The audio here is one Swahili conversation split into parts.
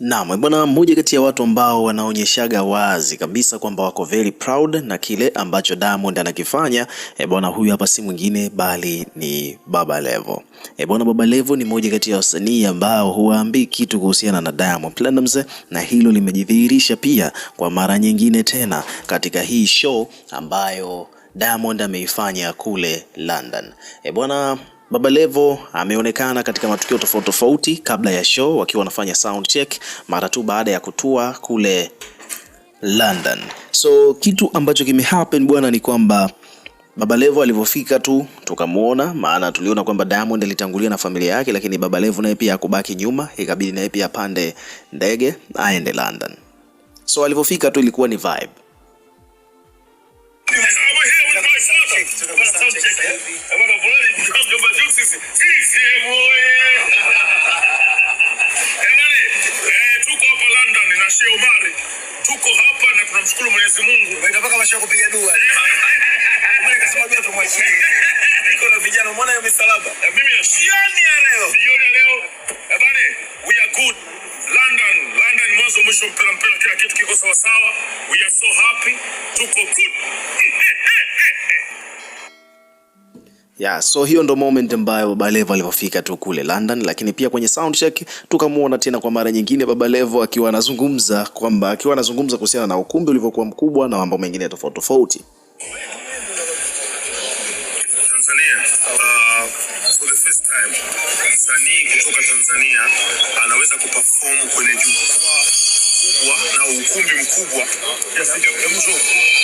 Naam, e bwana, mmoja kati ya watu ambao wanaonyeshaga wazi kabisa kwamba wako very proud na kile ambacho Diamond anakifanya, e bwana, huyu hapa si mwingine bali ni Baba Levo. E bwana, Baba Levo ni mmoja kati ya wasanii ambao huwaambii kitu kuhusiana na Diamond Platinumz, na hilo limejidhihirisha pia kwa mara nyingine tena katika hii show ambayo Diamond ameifanya kule London. E bwana Baba Levo ameonekana katika matukio tofauti tofauti kabla ya show wakiwa wanafanya sound check mara tu baada ya kutua kule London. So kitu ambacho kimehappen bwana ni kwamba Baba Levo alivyofika tu tukamuona, maana tuliona kwamba Diamond alitangulia na familia yake, lakini Baba Levo naye pia akubaki nyuma, ikabidi naye pia apande ndege aende London. So alivyofika tu ilikuwa ni vibe. Oye! Eh, tuko hapa London na Sheikh Omari. Tuko hapa na tunamshukuru Mwenyezi Mungu. Umeenda mpaka masha kupiga dua. Mimi nikasema dua tumwachie. Niko na vijana, umeona hiyo misalaba? Eh, mimi jioni ya leo. Jioni ya leo. Eh, we are good. London, London mwanzo mwisho mpira mpira kila kitu kiko sawa sawa. We are so happy. Tuko good. Yeah, so hiyo ndo moment ambayo Baba Levo alipofika tu kule London, lakini pia kwenye check tukamwona tena kwa mara nyingine Baba Levo akiwa anazungumza kwamba akiwa anazungumza kuhusiana na ukumbi ulivyokuwa mkubwa na mambo mengine tofauti tofauti. Tanzania, uh, for the first time kutoka Tanzania anaweza kuperform kwenye jukwaa kubwa na ukumbi mkubwa. Yes,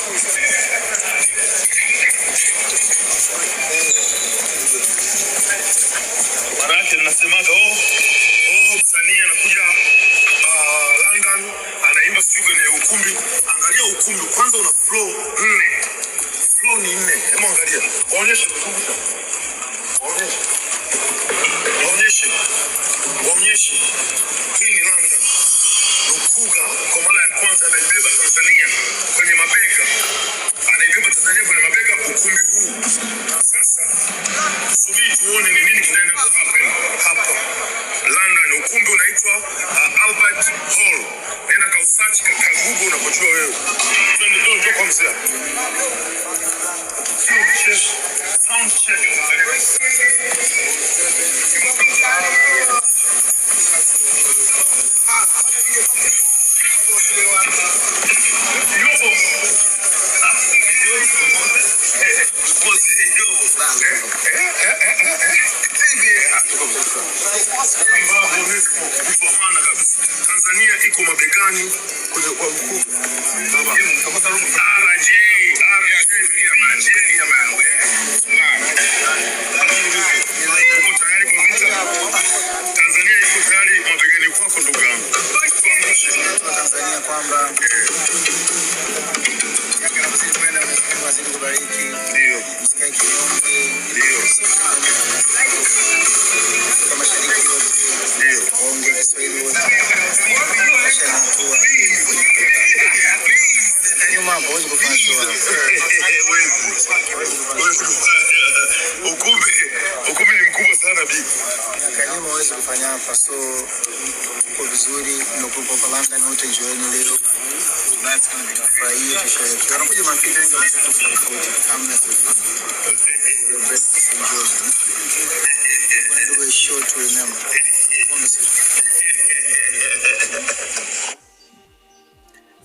这手真稳。Tanzania iko mabegani Karimu hawezi kufanya hapa, so uko vizuri, nakupa palanda na utajiona leo furahia kesho yetu. Wanakuja marafiki wengi que tofauti, hamna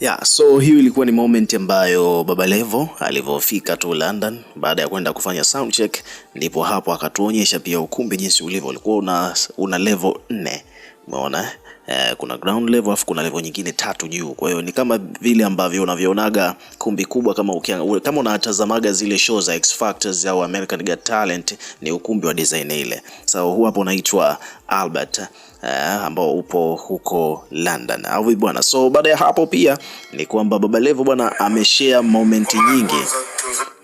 Yeah, so hiyo ilikuwa ni moment ambayo Baba Levo alivyofika tu London baada ya kwenda kufanya sound check, ndipo hapo akatuonyesha pia ukumbi jinsi ulivyo, ulikuwa una, una level nne, umeona eh? eh, kuna ground level afu kuna level nyingine tatu juu. Kwa hiyo ni kama vile ambavyo unavyoonaga kumbi kubwa, kama ukiangalia, kama unatazamaga zile show za X Factors au American Got Talent, ni ukumbi wa design ile. So huwa hapo unaitwa Albert eh, ambao upo huko London au vipi bwana? So baada ya hapo pia ni kwamba Baba Levo bwana ameshare moment nyingi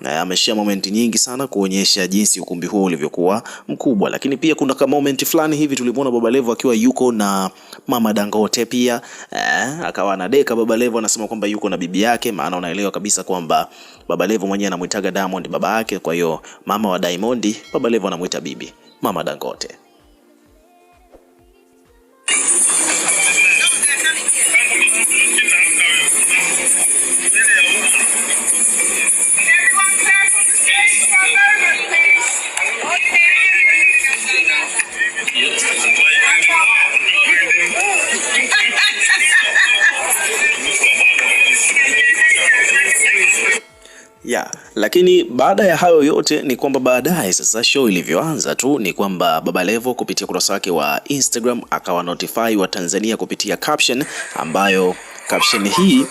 na ameshia moment nyingi sana kuonyesha jinsi ukumbi huo ulivyokuwa mkubwa, lakini pia kuna kama moment fulani hivi tulimwona Baba Levo akiwa yuko na Mama Dangote pia eh, akawa anadeka Baba Levo, anasema kwamba yuko na bibi yake, maana unaelewa kabisa kwamba Baba Levo mwenyewe anamuitaga Diamond baba yake, kwa hiyo mama wa Diamond Baba Levo anamuita bibi Mama Dangote. Yeah, lakini baada ya hayo yote ni kwamba baadaye sasa show ilivyoanza tu ni kwamba Baba Levo kupitia kurasa wake wa Instagram akawa notify wa Tanzania kupitia caption ambayo caption hii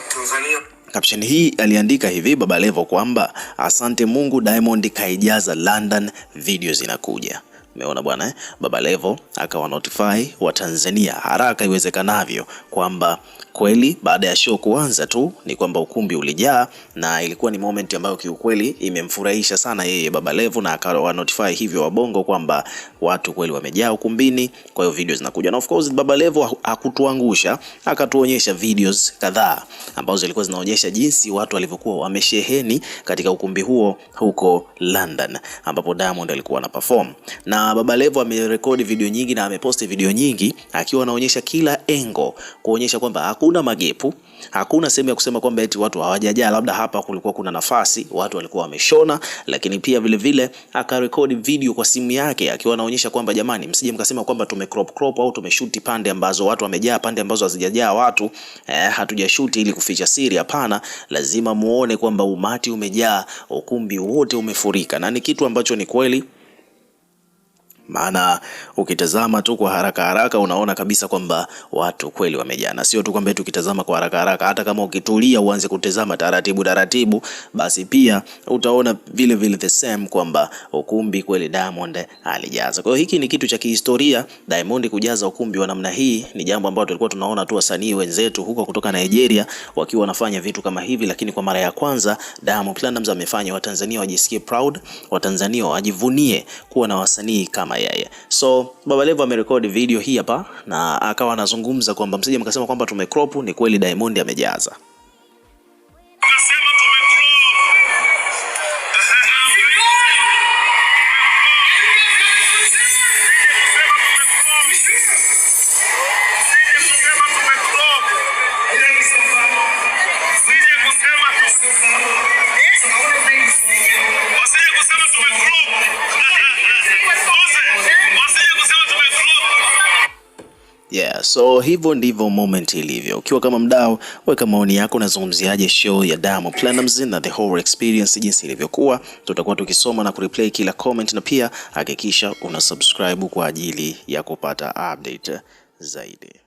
Caption hii aliandika hivi Baba Levo kwamba asante Mungu Diamond kaijaza London, video zinakuja. Umeona bwana eh? Baba Levo akawa notify wa Tanzania haraka iwezekanavyo kwamba kweli baada ya show kuanza tu ni kwamba ukumbi ulijaa, na ilikuwa ni moment ambayo kiukweli imemfurahisha sana yeye Baba Levo, na akawa notify hivyo wabongo kwamba watu kweli wamejaa ukumbini, kwa hiyo video zinakuja. Na of course Baba Levo hakutuangusha, akatuonyesha videos kadhaa ambazo zilikuwa zinaonyesha jinsi watu walivyokuwa wamesheheni katika ukumbi huo huko London, ambapo Diamond alikuwa na perform na Baba Levo amerekodi video nyingi na ameposti video nyingi akiwa anaonyesha kila engo kuonyesha kwamba hakuna magepu, hakuna sehemu ya kusema kwamba eti watu hawajajaa, labda hapa kulikuwa kuna nafasi, watu walikuwa wameshona. Lakini pia vile vile akarekodi video kwa simu yake akiwa anaonyesha kwamba jamani, msije mkasema kwamba tume crop crop au tumeshuti pande ambazo watu wamejaa, pande ambazo hazijajaa watu eh, hatujashuti ili kuficha siri. Hapana, lazima muone kwamba umati umejaa, ukumbi wote umefurika, na ni kitu ambacho ni kweli maana ukitazama tu kwa haraka haraka unaona kabisa kwamba watu kweli wamejana, sio tu kwamba tukitazama kwa haraka haraka, hata kama ukitulia uanze kutazama taratibu taratibu, basi pia utaona vile vile the same kwamba ukumbi kweli Diamond alijaza. Kwa hiyo hiki ni kitu cha kihistoria, Diamond kujaza ukumbi wa namna hii ni jambo ambalo tulikuwa tunaona tu wasanii wenzetu huko kutoka Nigeria wakiwa wanafanya vitu kama hivi, lakini kwa mara ya kwanza Diamond Platnumz amefanya Watanzania wajisikie proud, Watanzania wajivunie kuwa na wasanii kama yeah, yeah. So Levo amerekodi video hii hapa na akawa anazungumza kwamba msije mkasema kwamba tumecrop. Ni kweli Diamond amejaza Yeah, so hivyo ndivyo moment ilivyo. Ukiwa kama mdau, weka maoni yako, unazungumziaje show ya Diamond Platnumz na the whole experience jinsi ilivyokuwa. Tutakuwa tukisoma na kureplay kila comment, na pia hakikisha una subscribe kwa ajili ya kupata update zaidi.